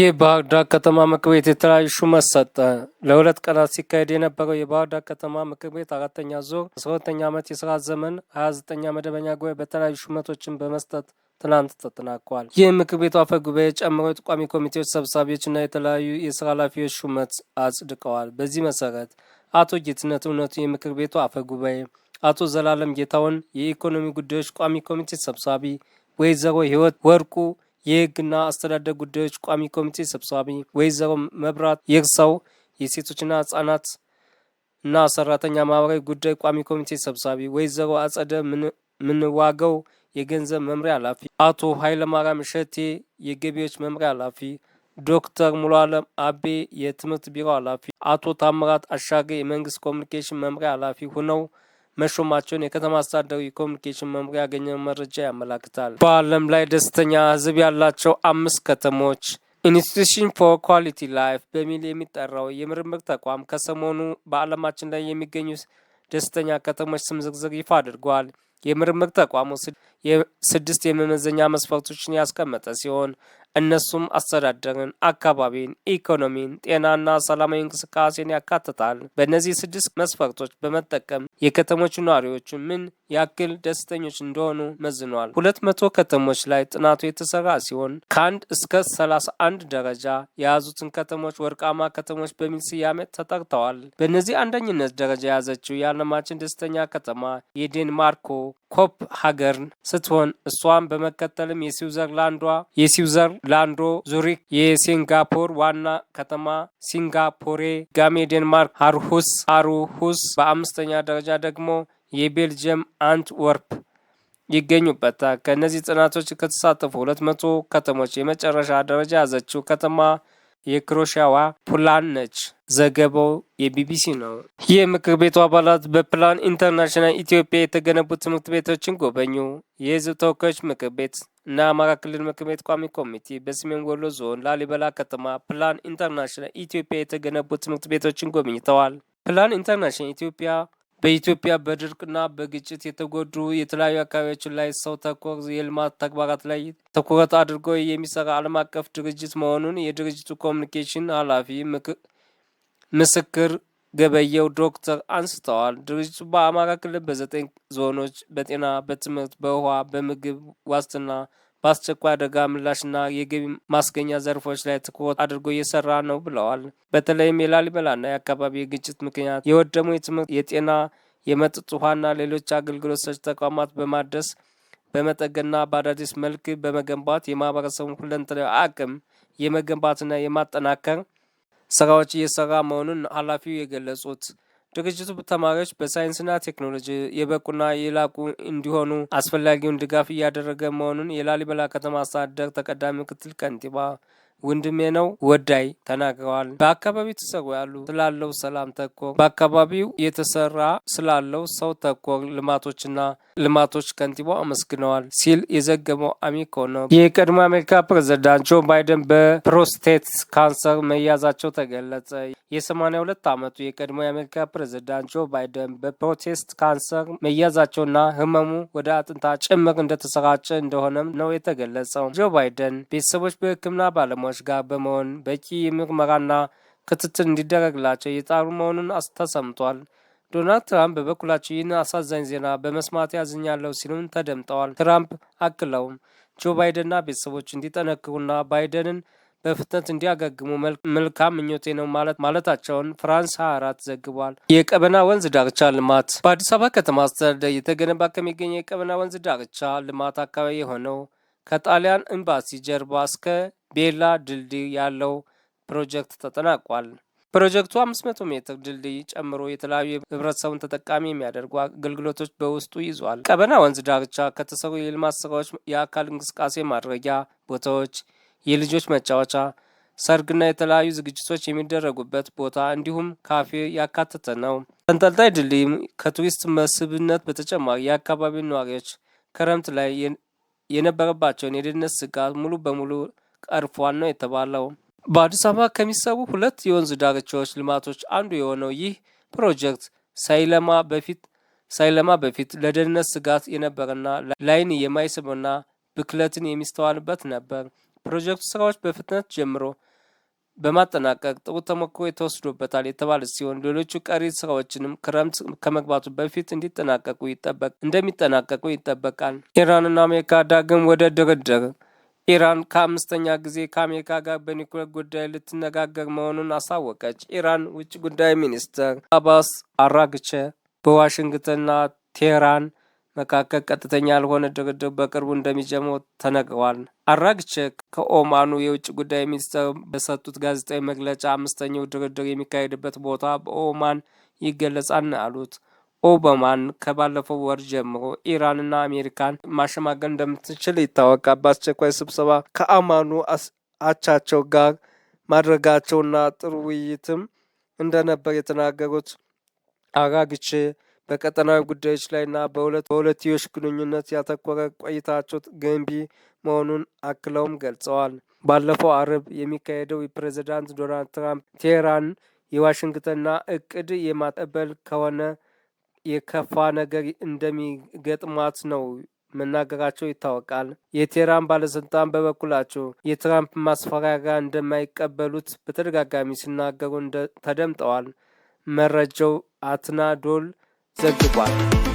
የባህር ዳር ከተማ ምክር ቤት የተለያዩ ሹመት ሰጠ። ለሁለት ቀናት ሲካሄድ የነበረው የባህር ዳር ከተማ ምክር ቤት አራተኛ ዙር አስራ ሁለተኛ ዓመት የስራ ዘመን ሀያ ዘጠኛ መደበኛ ጉባኤ በተለያዩ ሹመቶችን በመስጠት ትናንት ተጠናቋል። ይህ ምክር ቤቱ አፈ ጉባኤ ጨምሮ የቋሚ ኮሚቴዎች ሰብሳቢዎችና የተለያዩ የስራ ኃላፊዎች ሹመት አጽድቀዋል። በዚህ መሰረት አቶ ጌትነት እውነቱ የምክር ቤቱ አፈ ጉባኤ፣ አቶ ዘላለም ጌታውን የኢኮኖሚ ጉዳዮች ቋሚ ኮሚቴ ሰብሳቢ፣ ወይዘሮ ህይወት ወርቁ የህግና አስተዳደር ጉዳዮች ቋሚ ኮሚቴ ሰብሳቢ ወይዘሮ መብራት የርሳው የሴቶችና ህጻናት እና ሰራተኛ ማህበራዊ ጉዳይ ቋሚ ኮሚቴ ሰብሳቢ ወይዘሮ አጸደ ምንዋገው የገንዘብ መምሪያ ኃላፊ፣ አቶ ኃይለማርያም እሸቴ የገቢዎች መምሪያ ኃላፊ፣ ዶክተር ሙሉአለም አቤ የትምህርት ቢሮ ኃላፊ፣ አቶ ታምራት አሻገ የመንግስት ኮሚኒኬሽን መምሪያ ኃላፊ ሆነው መሾማቸውን የከተማ አስተዳደሩ የኮሚኒኬሽን መምሪያ ያገኘ መረጃ ያመላክታል። በዓለም ላይ ደስተኛ ህዝብ ያላቸው አምስት ከተሞች ኢንስቲቱሽን ፎር ኳሊቲ ላይፍ በሚል የሚጠራው የምርምር ተቋም ከሰሞኑ በዓለማችን ላይ የሚገኙ ደስተኛ ከተሞች ስም ዝርዝር ይፋ አድርጓል። የምርምር ተቋሙ ስድስት የመመዘኛ መስፈርቶችን ያስቀመጠ ሲሆን እነሱም አስተዳደርን፣ አካባቢን፣ ኢኮኖሚን፣ ጤናና ሰላማዊ እንቅስቃሴን ያካትታል። በእነዚህ ስድስት መስፈርቶች በመጠቀም የከተሞቹ ነዋሪዎች ምን ያክል ደስተኞች እንደሆኑ መዝኗል። ሁለት መቶ ከተሞች ላይ ጥናቱ የተሰራ ሲሆን ከአንድ እስከ ሰላሳ አንድ ደረጃ የያዙትን ከተሞች ወርቃማ ከተሞች በሚል ስያሜ ተጠርተዋል። በእነዚህ አንደኝነት ደረጃ የያዘችው የዓለማችን ደስተኛ ከተማ የዴንማርኮ ኮፕ ሀገርን ስትሆን እሷን በመቀጠልም የስዊዘርላንዷ የስዊዘርላንዶ ዙሪክ፣ የሲንጋፖር ዋና ከተማ ሲንጋፖሬ፣ ጋሜ ዴንማርክ አርሁስ አሩሁስ፣ በአምስተኛ ደረጃ ደግሞ የቤልጅየም አንትወርፕ ይገኙበታል። ከእነዚህ ጥናቶች ከተሳተፉ ሁለት መቶ ከተሞች የመጨረሻ ደረጃ ያዘችው ከተማ የክሮሻዋ ፑላን ነች። ዘገባው የቢቢሲ ነው። የምክር ቤቱ አባላት በፕላን ኢንተርናሽናል ኢትዮጵያ የተገነቡ ትምህርት ቤቶችን ጎበኙ። የህዝብ ተወካዮች ምክር ቤት እና አማራ ክልል ምክር ቤት ቋሚ ኮሚቴ በሰሜን ወሎ ዞን ላሊበላ ከተማ ፕላን ኢንተርናሽናል ኢትዮጵያ የተገነቡ ትምህርት ቤቶችን ጎብኝተዋል። ፕላን ኢንተርናሽናል ኢትዮጵያ በኢትዮጵያ በድርቅና በግጭት የተጎዱ የተለያዩ አካባቢዎች ላይ ሰው ተኮር የልማት ተግባራት ላይ ትኩረት አድርጎ የሚሰራ ዓለም አቀፍ ድርጅት መሆኑን የድርጅቱ ኮሚኒኬሽን ኃላፊ ምስክር ገበየው ዶክተር አንስተዋል። ድርጅቱ በአማራ ክልል በዘጠኝ ዞኖች በጤና፣ በትምህርት፣ በውሃ፣ በምግብ ዋስትና በአስቸኳይ አደጋ ምላሽና የገቢ ማስገኛ ዘርፎች ላይ ትኩረት አድርጎ እየሰራ ነው ብለዋል። በተለይም የላሊበላና የአካባቢ የግጭት ምክንያት የወደሙ የትምህርት፣ የጤና፣ የመጠጥ ውሃና ሌሎች አገልግሎት ሰጪ ተቋማት በማደስ በመጠገንና በአዳዲስ መልክ በመገንባት የማህበረሰቡን ሁለንተናዊ አቅም የመገንባትና የማጠናከር ስራዎች እየሰራ መሆኑን ኃላፊው የገለጹት ድርጅቱ ተማሪዎች በሳይንስና ቴክኖሎጂ የበቁና የላቁ እንዲሆኑ አስፈላጊውን ድጋፍ እያደረገ መሆኑን የላሊበላ ከተማ አስተዳደር ተቀዳሚ ምክትል ከንቲባ ወንድሜ ነው ወዳይ ተናግረዋል። በአካባቢው ተሰሩ ያሉ ስላለው ሰላም ተኮር በአካባቢው የተሰራ ስላለው ሰው ተኮር ልማቶችና ልማቶች ከንቲባው አመስግነዋል ሲል የዘገበው አሚኮ ነው። የቀድሞ አሜሪካ ፕሬዝዳንት ጆ ባይደን በፕሮስቴት ካንሰር መያዛቸው ተገለጸ። የ82 ዓመቱ የቀድሞ የአሜሪካ ፕሬዝዳንት ጆ ባይደን በፕሮቴስት ካንሰር መያዛቸውና ህመሙ ወደ አጥንታ ጭምር እንደተሰራጨ እንደሆነም ነው የተገለጸው። ጆ ባይደን ቤተሰቦች በህክምና ባለሙያ ባለሙያዎች ጋር በመሆን በቂ ምርመራና ክትትል እንዲደረግላቸው የጣሩ መሆኑን ተሰምቷል። ዶናልድ ትራምፕ በበኩላቸው ይህን አሳዛኝ ዜና በመስማት ያዝኛለሁ ሲሉም ተደምጠዋል። ትራምፕ አክለውም ጆ ባይደንና ቤተሰቦች እንዲጠነክሩና ባይደንን በፍጥነት እንዲያገግሙ መልካም ምኞቴ ነው ማለታቸውን ፍራንስ 24 ዘግቧል። የቀበና ወንዝ ዳርቻ ልማት በአዲስ አበባ ከተማ አስተዳደር የተገነባ ከሚገኘ የቀበና ወንዝ ዳርቻ ልማት አካባቢ የሆነው ከጣሊያን ኤምባሲ ጀርባ እስከ ቤላ ድልድይ ያለው ፕሮጀክት ተጠናቋል። ፕሮጀክቱ 500 ሜትር ድልድይ ጨምሮ የተለያዩ ህብረተሰቡን ተጠቃሚ የሚያደርጉ አገልግሎቶች በውስጡ ይዟል። ቀበና ወንዝ ዳርቻ ከተሰሩ የልማት ስራዎች የአካል እንቅስቃሴ ማድረጊያ ቦታዎች፣ የልጆች መጫወቻ፣ ሰርግና የተለያዩ ዝግጅቶች የሚደረጉበት ቦታ እንዲሁም ካፌ ያካተተ ነው። ተንጠልጣይ ድልድይ ከቱሪስት መስህብነት በተጨማሪ የአካባቢ ነዋሪዎች ክረምት ላይ የነበረባቸውን የደህንነት ስጋት ሙሉ በሙሉ ቀርፏል ነው የተባለው። በአዲስ አበባ ከሚሰሩ ሁለት የወንዝ ዳርቻዎች ልማቶች አንዱ የሆነው ይህ ፕሮጀክት ሳይለማ በፊት ሳይለማ በፊት ለደህንነት ስጋት የነበረና ላይን የማይስብና ብክለትን የሚስተዋልበት ነበር። ፕሮጀክቱ ስራዎች በፍጥነት ጀምሮ በማጠናቀቅ ጥሩ ተሞክሮ የተወስዶበታል የተባለ ሲሆን ሌሎቹ ቀሪ ስራዎችንም ክረምት ከመግባቱ በፊት እንዲጠናቀቁ እንደሚጠናቀቁ ይጠበቃል። ኢራንና አሜሪካ ዳግም ወደ ድርድር ኢራን ከአምስተኛ ጊዜ ከአሜሪካ ጋር በኒኩሌር ጉዳይ ልትነጋገር መሆኑን አሳወቀች። ኢራን ውጭ ጉዳይ ሚኒስትር አባስ አራግቼ በዋሽንግተንና ቴህራን መካከል ቀጥተኛ ያልሆነ ድርድር በቅርቡ እንደሚጀምሩ ተነግሯል። አራግቼ ከኦማኑ የውጭ ጉዳይ ሚኒስትር በሰጡት ጋዜጣዊ መግለጫ አምስተኛው ድርድር የሚካሄድበት ቦታ በኦማን ይገለጻል አሉት። ኦባማን ከባለፈው ወር ጀምሮ ኢራንና አሜሪካን ማሸማገል እንደምትችል ይታወቃል። በአስቸኳይ ስብሰባ ከአማኑ አቻቸው ጋር ማድረጋቸውና ጥሩ ውይይትም እንደነበር የተናገሩት አራግቼ በቀጠናዊ ጉዳዮች ላይና በሁለትዮሽ ግንኙነት ያተኮረ ቆይታቸው ገንቢ መሆኑን አክለውም ገልጸዋል። ባለፈው አርብ የሚካሄደው የፕሬዚዳንት ዶናልድ ትራምፕ ቴህራን የዋሽንግተንና እቅድ የማጠበል ከሆነ የከፋ ነገር እንደሚገጥማት ነው መናገራቸው ይታወቃል። የቴህራን ባለስልጣን በበኩላቸው የትራምፕ ማስፈራሪያ እንደማይቀበሉት በተደጋጋሚ ሲናገሩ ተደምጠዋል። መረጃው አትና ዶል ዘግቧል።